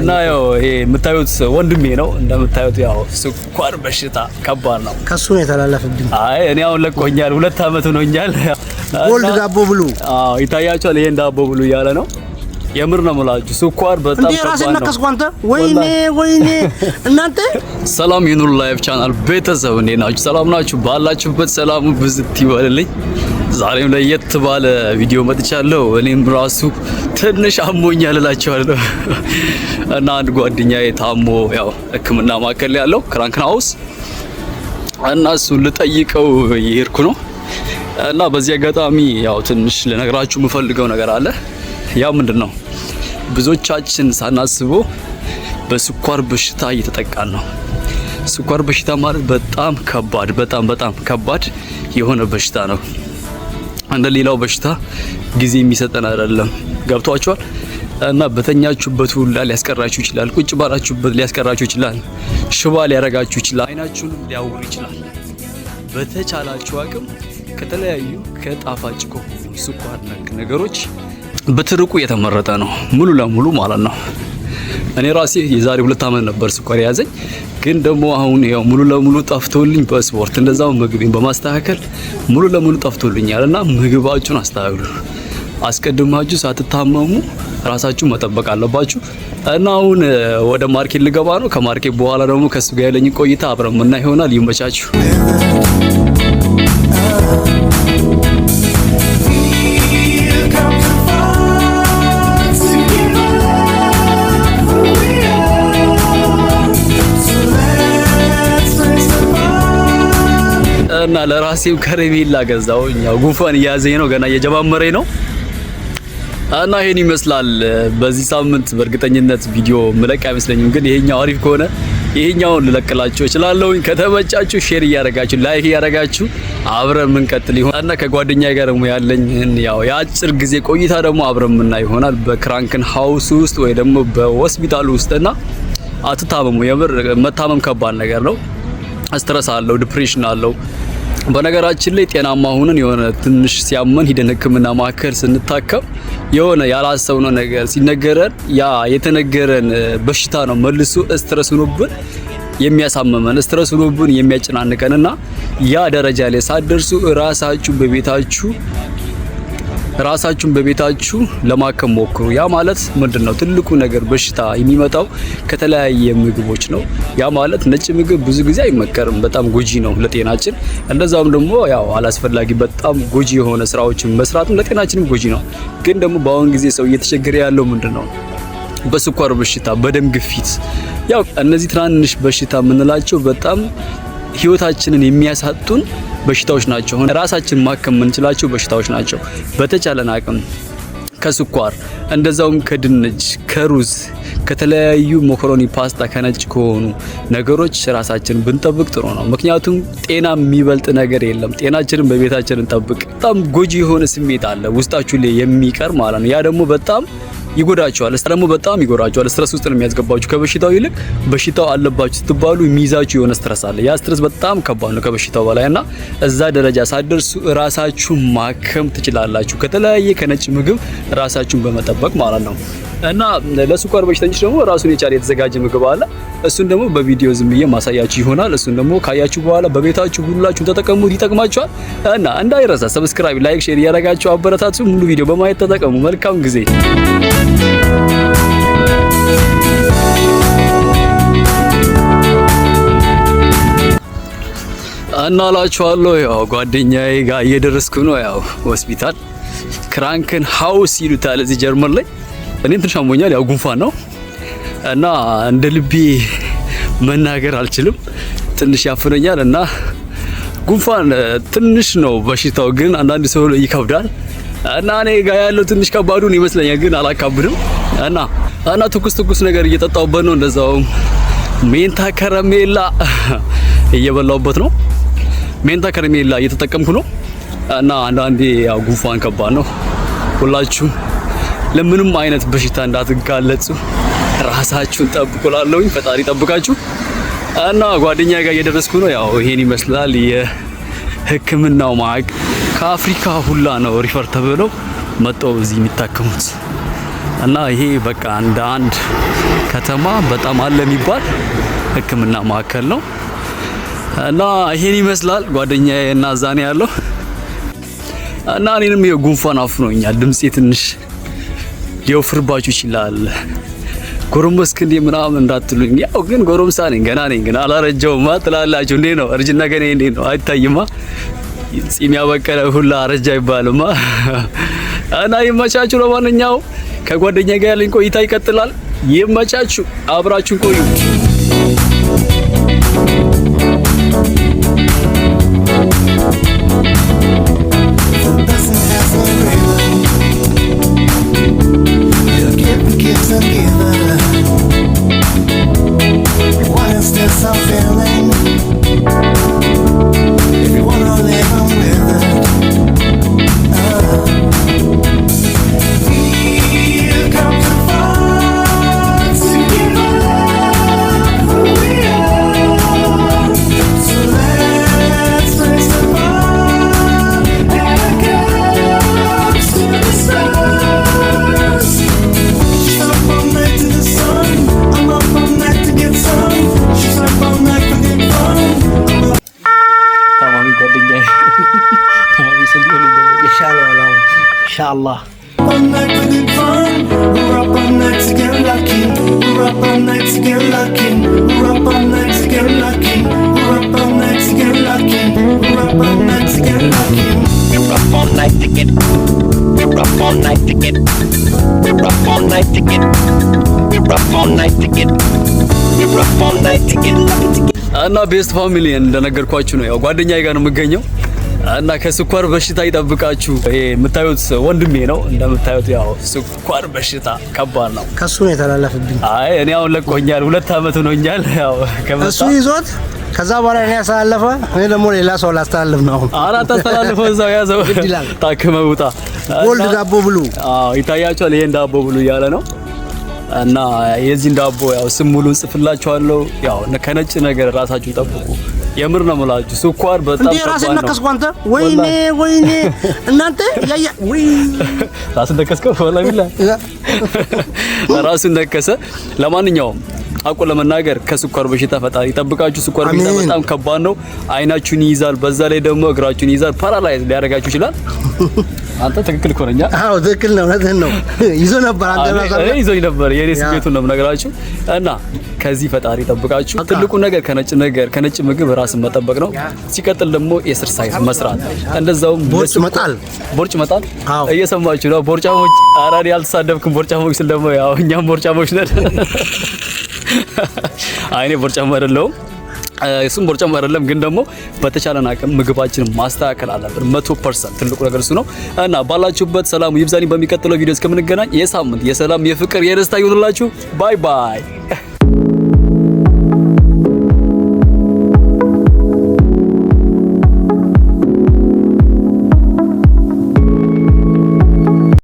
እና ያው ይሄ የምታዩት ወንድሜ ነው። እንደምታዩት ያው ስኳር በሽታ ከባድ ነው። ከሱ ነው የተላለፈብኝ። አይ እኔ አሁን ለቆኛል፣ ሁለት አመት ሆኖኛል። ጎልድ ዳቦ ብሉ። አዎ ይታያቸዋል። ይሄን ዳቦ ብሉ እያለ ነው። የምር ነው የምላችሁ ስኳር በጣም ከባድ ነው። አንተ ወይኔ ወይኔ። እናንተ ሰላም ይኑር ላይቭ ቻናል ቤተሰብ እንዴት ናችሁ? ሰላም ናችሁ? ባላችሁበት ሰላሙ ብዝት ይበልልኝ። ዛሬም ለየት ባለ ቪዲዮ መጥቻለሁ። እኔም ራሱ ትንሽ አሞኛል እላቸዋለሁ እና አንድ ጓደኛዬ ታሞ ያው ሕክምና ማዕከል ያለው ክራንክን ሀውስ እና እሱን ልጠይቀው እየሄድኩ ነው እና በዚህ አጋጣሚ ያው ትንሽ ልነግራችሁ የምፈልገው ነገር አለ። ያ ምንድን ነው? ብዙዎቻችን ሳናስቦ በስኳር በሽታ እየተጠቃን ነው። ስኳር በሽታ ማለት በጣም ከባድ በጣም በጣም ከባድ የሆነ በሽታ ነው። እንደ ሌላው በሽታ ጊዜ የሚሰጠን አይደለም። ገብቷቸዋል እና በተኛችሁበት ሁላ ሊያስቀራችሁ ይችላል። ቁጭ ባላችሁበት ሊያስቀራችሁ ይችላል። ሽባ ሊያረጋችሁ ይችላል። አይናችሁን ሊያውር ይችላል። በተቻላችሁ አቅም ከተለያዩ ከጣፋጭ ከሆኑ ስኳር ነክ ነገሮች ብትርቁ የተመረጠ ነው። ሙሉ ለሙሉ ማለት ነው። እኔ ራሴ የዛሬ ሁለት ዓመት ነበር ስኳር የያዘኝ። ግን ደግሞ አሁን ያው ሙሉ ለሙሉ ጠፍቶልኝ በስፖርት እንደዛው ምግቤን በማስተካከል ሙሉ ለሙሉ ጠፍቶልኛል እና ምግባችሁን አስተካክሉ። አስቀድማችሁ ሳትታመሙ ራሳችሁ መጠበቅ አለባችሁ። እና አሁን ወደ ማርኬት ልገባ ነው። ከማርኬት በኋላ ደግሞ ከሱ ጋር ያለኝ ቆይታ አብረን ምና ይሆናል። ይመቻችሁ። እና ለራሴም ከረሜላ ገዛው ያው ጉንፋን እያያዘኝ ነው፣ ገና እየጀማመረኝ ነው እና ይሄን ይመስላል። በዚህ ሳምንት በእርግጠኝነት ቪዲዮ ምለቅ አይመስለኝም፣ ግን ይሄኛው አሪፍ ከሆነ ይሄኛውን ልለቅላችሁ እችላለሁኝ። ከተመቻችሁ ሼር እያደረጋችሁ ላይክ እያደረጋችሁ አብረን ምንቀጥል ይሆናል እና ከጓደኛ ጋር ደግሞ ያለኝ ያው የአጭር ጊዜ ቆይታ ደግሞ አብረን ምና ይሆናል በክራንክን ሀውስ ውስጥ ወይ ደግሞ በሆስፒታል ውስጥና አትታመሙ። የምር መታመም ከባድ ነገር ነው። ስትረስ አለው፣ ዲፕሬሽን አለው። በነገራችን ላይ ጤናማ ሆነን የሆነ ትንሽ ሲያመን ሂደን ሕክምና ማዕከል ስንታከም የሆነ ያላሰብነው ነገር ሲነገረን ያ የተነገረን በሽታ ነው መልሶ ስትረስ ሆኖብን የሚያሳምመን ስትረስ ሆኖብን የሚያጨናንቀንና ያ ደረጃ ላይ ሳትደርሱ ራሳችሁ በቤታችሁ ራሳችሁን በቤታችሁ ለማከም ሞክሩ። ያ ማለት ምንድን ነው? ትልቁ ነገር በሽታ የሚመጣው ከተለያየ ምግቦች ነው። ያ ማለት ነጭ ምግብ ብዙ ጊዜ አይመከርም፣ በጣም ጎጂ ነው ለጤናችን። እንደዛውም ደግሞ ያው አላስፈላጊ በጣም ጎጂ የሆነ ስራዎችን መስራትም ለጤናችንም ጎጂ ነው። ግን ደግሞ በአሁን ጊዜ ሰው እየተቸገረ ያለው ምንድን ነው? በስኳር በሽታ፣ በደም ግፊት ያው እነዚህ ትናንሽ በሽታ የምንላቸው በጣም ህይወታችንን የሚያሳጡን በሽታዎች ናቸው። ራሳችን ማከም የምንችላቸው በሽታዎች ናቸው። በተቻለን አቅም ከስኳር እንደዛውም ከድንች፣ ከሩዝ፣ ከተለያዩ መኮሮኒ፣ ፓስታ ከነጭ ከሆኑ ነገሮች ራሳችን ብንጠብቅ ጥሩ ነው። ምክንያቱም ጤና የሚበልጥ ነገር የለም። ጤናችንን በቤታችን እንጠብቅ። በጣም ጎጂ የሆነ ስሜት አለ ውስጣችሁ ላይ የሚቀር ማለት ነው። ያ ደግሞ በጣም ይጎዳቸዋል። ደግሞ በጣም ይጎዳቸዋል። ስትረስ ውስጥ ነው የሚያስገባችሁ። ከበሽታው ይልቅ በሽታው አለባችሁ ስትባሉ የሚይዛችሁ የሆነ ስትረስ አለ። ያ ስትረስ በጣም ከባድ ነው ከበሽታው በላይ እና እዛ ደረጃ ሳደርሱ ራሳችሁን ማከም ትችላላችሁ። ከተለያየ ከነጭ ምግብ ራሳችሁን በመጠበቅ ማለት ነው። እና ለስኳር በሽተኞች ደግሞ ራሱን የቻለ የተዘጋጀ ምግብ አለ። እሱን ደግሞ በቪዲዮ ዝም ብዬ ማሳያችሁ ይሆናል። እሱን ደግሞ ካያችሁ በኋላ በቤታችሁ ሁላችሁም ተጠቀሙት፣ ይጠቅማችኋል። እና እንዳይረሳ ሰብስክራይብ፣ ላይክ፣ ሼር እያደረጋችሁ አበረታቱ። ሙሉ ቪዲዮ በማየት ተጠቀሙ። መልካም ጊዜ። አላችኋለሁ ያው ጓደኛዬ ጋር እየደረስኩ ነው። ያው ሆስፒታል ክራንክን ሀውስ ይሉታል እዚህ ጀርመን ላይ እኔ ትንሽ አሞኛል፣ ያው ጉንፋን ነው እና እንደ ልቤ መናገር አልችልም። ትንሽ ያፍነኛል እና ጉንፋን ትንሽ ነው በሽታው፣ ግን አንዳንድ ሰው ይከብዳል እና እኔ ጋ ያለው ትንሽ ከባዱን ይመስለኛል፣ ግን አላካብድም እና እና ትኩስ ትኩስ ነገር እየጠጣውበት ነው። እንደዛው ሜንታ ከረሜላ እየበላውበት ነው። ሜንታ ከረሜላ እየተጠቀምኩ ነው እና አንዳንዴ ያው ጉንፋን ከባድ ነው። ሁላችሁም ለምንም አይነት በሽታ እንዳትጋለጹ ራሳችሁን ጠብቁላለሁኝ። ፈጣሪ ጠብቃችሁ እና ጓደኛ ጋር እየደረስኩ ነው። ያው ይሄን ይመስላል የህክምናው ማዕቅ ከአፍሪካ ሁላ ነው ሪፈር ተብለው መጠው እዚህ የሚታከሙት እና ይሄ በቃ እንደ አንድ ከተማ በጣም አለ የሚባል ህክምና ማዕከል ነው እና ይሄን ይመስላል ጓደኛዬ እና እዛ ነው ያለው እና እኔንም የጉንፋን አፍኖኛል ድምፄ ትንሽ ሊወፍርባችሁ ይችላል ጎረመስክን ምናምን እንዳትሉኝ። ያው ግን ጎረምሳ ነኝ፣ ገና ነኝ፣ ግን አላረጀውማ ትላላችሁ። እንዴ ነው እርጅና ገና እንዴ ነው አይታይማ። ጺም ያበቀለ ሁላ አረጃ ይባልማ። እና ይመቻችሁ። ለማንኛው ከጓደኛ ጋር ያለኝ ቆይታ ይቀጥላል። ይመቻችሁ፣ አብራችሁን ቆዩ። feeling natin guys. Nakabisan ko na daw. Inshallah wala. Inshallah. One night we get fun. We're up all night to get lucky. We're up all night to get lucky. We're up all night to get lucky. We're up all night to get lucky. We're up all night to get lucky. We're up all night to get. We're up all night to get. We're up all night to get. We're up all night to get. We're up all night to get lucky to get. እና ቤስት ፋሚሊ እንደነገርኳችሁ ነው። ያው ጓደኛዬ ጋር ነው የምገኘው እና ከስኳር በሽታ ይጠብቃችሁ። ይሄ የምታዩት ወንድሜ ነው። እንደምታዩት ያው ስኳር በሽታ ከባድ ነው። ከሱ ነው የተላለፈብኝ። አይ እኔ አሁን ለቆኛል፣ ሁለት አመት ሆኖኛል። ያው ከሱ ይዞት ከዛ በኋላ እኔ ያስተላለፈ እኔ ደግሞ ሌላ ሰው ላስተላልፍ ነው። አሁን አራት አስተላልፈ እዛው ያዘው ታክመህ ውጣ፣ ጎልድ ዳቦ ብሉ። አዎ ይታያችኋል። ይሄን ዳቦ ብሉ እያለ ነው እና የዚህን ዳቦ ያው ስም ሙሉ ጽፍላችኋለሁ። ያው ከነጭ ነገር ራሳችሁን ጠብቁ። የምር ነው የምላችሁ። ስኳር በጣም እንዴ ራስን ነከስኩ አንተ። ወይኔ ወይኔ እናንተ ያያ ወይ ራስን ነከስከው ወላሂ ቢላ ራስን ነከሰ። ለማንኛውም አቁ ለመናገር ከስኳር በሽታ ፈጣሪ ይጠብቃችሁ። ስኳር በሽታ በጣም ከባድ ነው። አይናችሁን ይይዛል፣ በዛ ላይ ደግሞ እግራችሁን ይይዛል። ፓራላይዝ ሊያደርጋችሁ ይችላል። አንተ ትክክል ኮረኛ። አዎ ትክክል ነው። እውነትህን ነው። ይዞ ነበር አንተ ራስህ ይዞ ነበር። የኔ ስሜቱን ነው የምነግራችሁ እና ከዚህ ፈጣሪ ይጠብቃችሁ። ትልቁ ነገር ከነጭ ነገር ከነጭ ምግብ ራስን መጠበቅ ነው። ሲቀጥል ደግሞ የስር ሳይዝ መስራት፣ እንደዛውም ቦርጭ መጣል፣ ቦርጭ መጣል። እየሰማችሁ ነው ቦርጫሞች። አራዲ እኔ አልተሳደብኩም ቦርጫሞች ስል ደግሞ ያው እኛም ቦርጫሞች ነን። አይኔ ቦርጫም አይደለሁም እሱም ቦርጫም አይደለም፣ ግን ደግሞ በተቻለን አቅም ምግባችን ማስተካከል አለብን። መቶ ፐርሰንት ትልቁ ነገር እሱ ነው እና ባላችሁበት ሰላሙ ይብዛልኝ። በሚቀጥለው ቪዲዮ እስከምንገናኝ የሳምንት የሰላም የፍቅር የደስታ ይሁንላችሁ። ባይ ባይ።